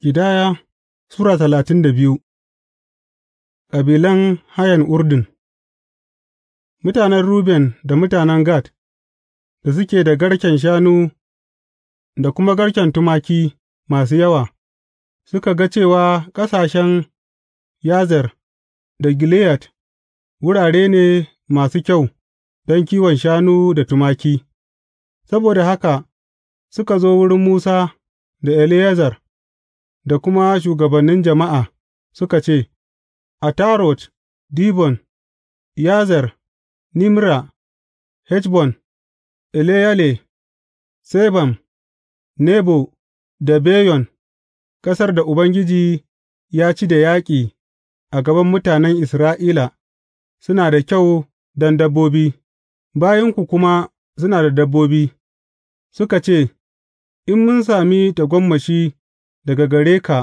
Ƙidaya Sura talatin da biyu Kabilan hayan Urdun Mutanen Ruben da mutanen Gad da suke da garken shanu da kuma garken tumaki masu yawa, suka ga cewa ƙasashen Yazer da Gileyat wurare ne masu kyau don kiwon shanu da tumaki, saboda haka suka zo wurin Musa da Eleyazar. da kuma shugabannin jama'a suka ce, Atarot, Dibon, Yazer, Nimra, Heshbon, Eleyale, Sebam, Nebo da Beyon, ƙasar da Ubangiji ya ci da yaƙi a gaban mutanen Isra'ila, suna da kyau don dabbobi, bayinku kuma suna da dabbobi, suka ce, In mun sami tagomashi daga gare ka,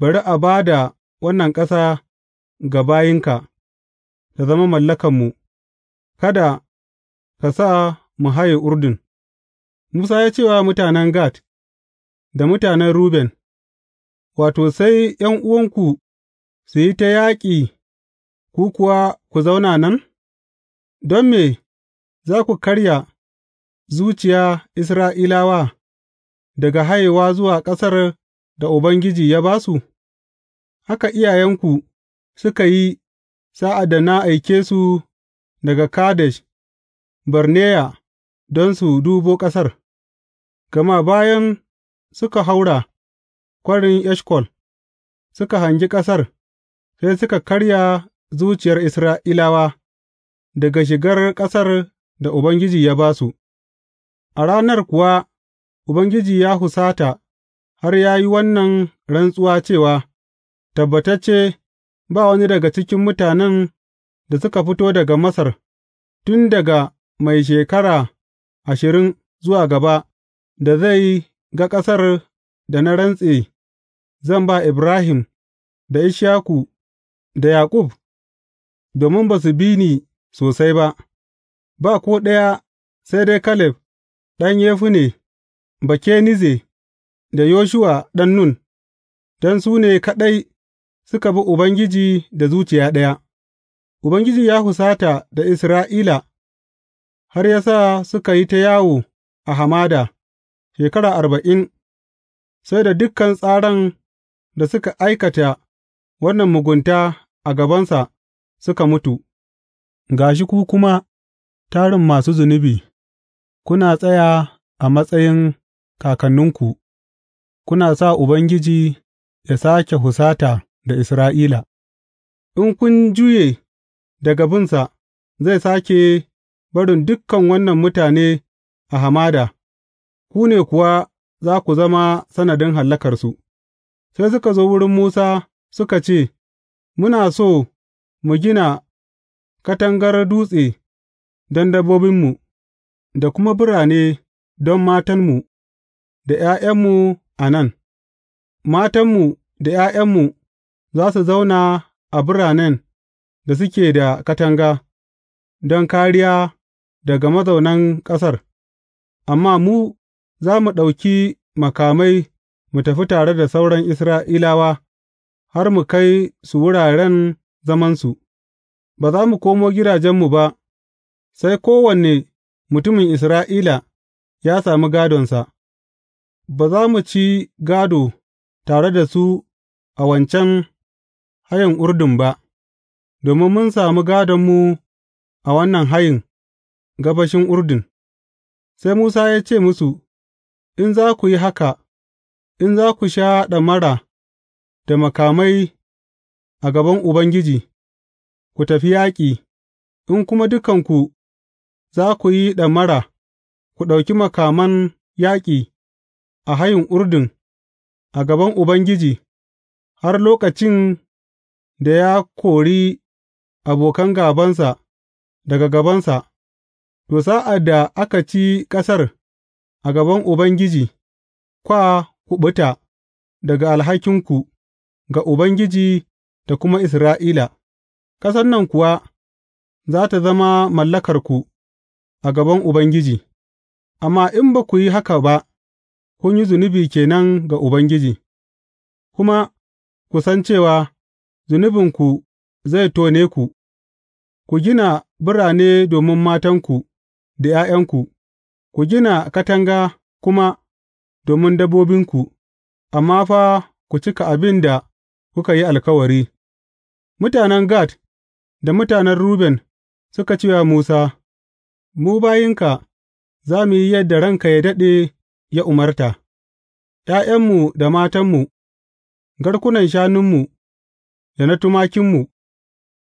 bari a ba da wannan ƙasa ga bayinka, ta zama mallakanmu, kada ka sa mu haye Urdun. Musa ya ce wa mutanen Gad da mutanen Ruben, Wato, sai uwanku su yi ta yaƙi, ku kuwa ku zauna nan? Don me za ku karya zuciya Isra'ilawa daga hayewa zuwa ƙasar da Ubangiji ya ba su? Haka iyayenku suka yi sa'ad da na aike su daga Kadesh Barneya don su dubo ƙasar, gama bayan suka haura Kwarin Eshkol, suka hangi ƙasar, sai suka karya zuciyar Isra'ilawa daga shigar ƙasar da Ubangiji ya ba su, a ranar kuwa Ubangiji ya husata. har ya yi wannan rantsuwa cewa, Tabbatacce ba wani daga cikin mutanen da suka fito daga Masar, tun daga mai shekara ashirin zuwa gaba, da zai ga ƙasar da na rantse zan ba Ibrahim da Ishaku da Yaƙub, domin ba su bi ni sosai ba, ba ko ɗaya sai dai Kaleb ɗan Yefunne, Bakenize da Yoshuwa ɗan Nun, don su ne kaɗai suka bi Ubangiji da zuciya ɗaya, Ubangiji ya husata da Isra'ila har ya sa suka yi ta yawo a hamada shekara arba'in, sai da dukan tsaran da suka aikata wannan mugunta a gabansa suka mutu, ga shi ku kuma tarin masu zunubi, kuna tsaya a matsayin kakanninku. kuna sa Ubangiji ya sake husata da Isra'ila, in kun juye daga binsa, zai sake barin dukan wannan mutane a hamada, ku ne kuwa za ku zama sanadin hallakarsu. Sai suka zo wurin Musa suka ce, Muna so mu gina katangar dutse don dabbobinmu, da kuma birane don matanmu, da ’ya'yanmu a nan, matanmu da ’ya'yanmu za su zauna a biranen da suke da katanga, don kāriya daga mazaunan ƙasar, amma mu za mu ɗauki makamai mu tafi tare da sauran Isra'ilawa har mu kai su wuraren zamansu, ba za mu komo gidajenmu ba sai kowane mutumin Isra'ila ya sami gādonsa. ba za mu ci gādo tare da su a wancan hayin Urdun ba, domin mun sami gādonmu a wannan hayin gabashin Urdun, sai Musa ya ce musu, In za ku yi haka, in za ku sha ɗamara da makamai a gaban Ubangiji, ku tafi yaƙi, in kuma dukanku za ku yi ɗamara, ku ɗauki makaman yaƙi. a hayin Urdun a gaban Ubangiji har lokacin da ya kori abokan gābansa daga gabansa, to, sa'ad da aka ci ƙasar a gaban Ubangiji, kwa kuɓuta daga alhakinku ga Ubangiji da kuma Isra'ila, ƙasar nan kuwa za ta zama mallakarku a gaban Ubangiji, amma in ba ku yi haka ba, kun yi zunubi ke nan ga Ubangiji, kuma ku san cewa zunubinku zai tone ku, ku gina birane domin matanku da ’ya'yanku, ku gina katanga kuma domin dabbobinku, amma fa ku cika abin da kuka yi alkawari. Mutanen Gad da mutanen Ruben suka ce wa Musa, Mu bayinka, za mu yi yadda ranka ya daɗe ya umarta, ’Ya'yanmu da matanmu, garkunan shanunmu da na tumakinmu,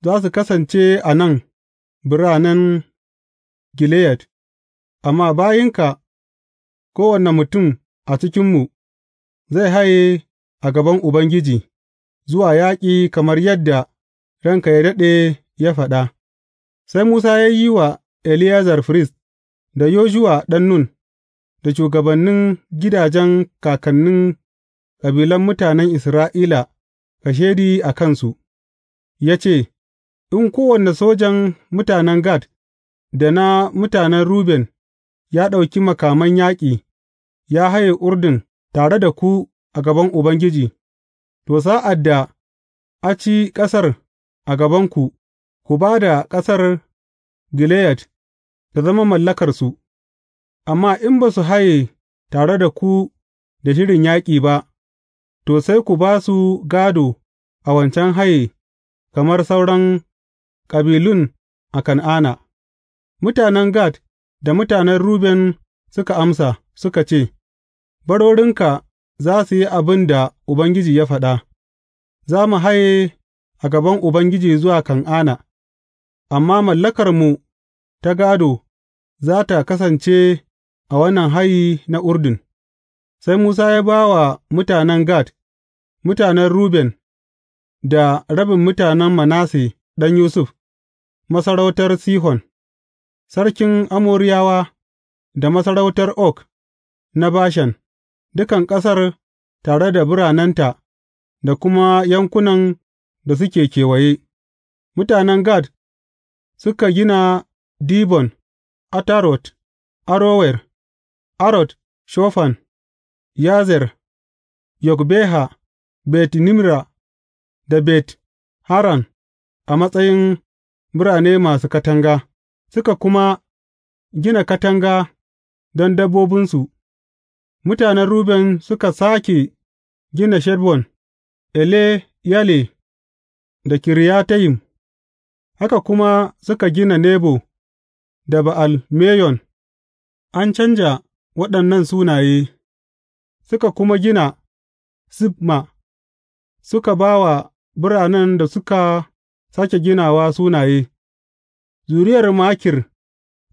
za su kasance a nan biranen Gileyad, amma bayinka, kowane mutum a cikinmu, zai haye a gaban Ubangiji zuwa yaƙi kamar yadda ranka ya daɗe ya faɗa.’ Sai Musa ya yi wa Eleyazar firist da Yoshuwa ɗan Nun. da shugabannin gidajen kakannin kabilan mutanen Isra'ila kashedi a kansu, ya ce, In kowane sojan mutanen Gad da na mutanen Ruben ya ɗauki makaman yaƙi ya haye Urdun tare da ku a gaban Ubangiji, to, sa'ad da a ci ƙasar a gabanku, ku ba da ƙasar Gileyad ta zama mallakarsu. Amma in ba su haye tare da ku da shirin yaƙi ba, to, sai ku ba su gado a wancan haye kamar sauran kabilun a Kan'ana. Mutanen Gad da mutanen Ruben suka amsa, suka ce, Barorinka za su yi abin da Ubangiji ya faɗa, za mu haye a gaban Ubangiji zuwa Kan'ana, amma mallakarmu ta gado za ta kasance a wannan hayi na Urdun, sai Musa ya ba wa mutanen Gad, mutanen Ruben da rabin mutanen Manasse ɗan Yusuf, masarautar Sihon, sarkin Amoriyawa da masarautar Ok na Bashan, dukan ƙasar tare da biranenta da kuma yankunan da suke kewaye, mutanen Gad suka gina Dibon, Atarot, Arower Arod, Shofan, Yazer, Yogbeha, Bet Nimra da Bet Haran a matsayin birane masu katanga, suka kuma gina katanga don dabbobinsu, mutanen Ruben suka sake gina ele, yale, da Kiriyatayim, haka kuma suka gina Nebo da Ba'al Meyon, an canja waɗannan sunaye, suka kuma gina Sibma, suka ba wa biranen da suka sāke ginawa sunaye, zuriyar Makir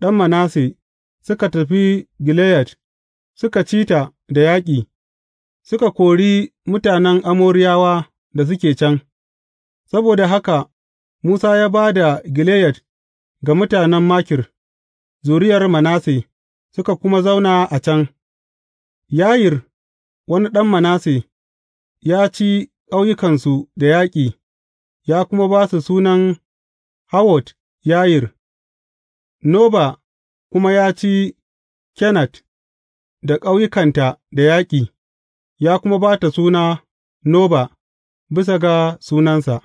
ɗan Manasse suka tafi Gileyad, suka ci ta da yaƙi, suka kori mutanen Amoriyawa da suke can, saboda haka Musa ya ba da Gileyad ga mutanen Makir, zuriyar Manasse. suka kuma zauna a can, Yayir, wani ɗan Manasse, ya ci ƙauyukansu da yaƙi, ya kuma ba su sunan Hawwot Yayir, Noba kuma ya ci Kenat da ƙauyukanta da yaƙi, ya kuma ba ta suna Noba bisa ga sunansa.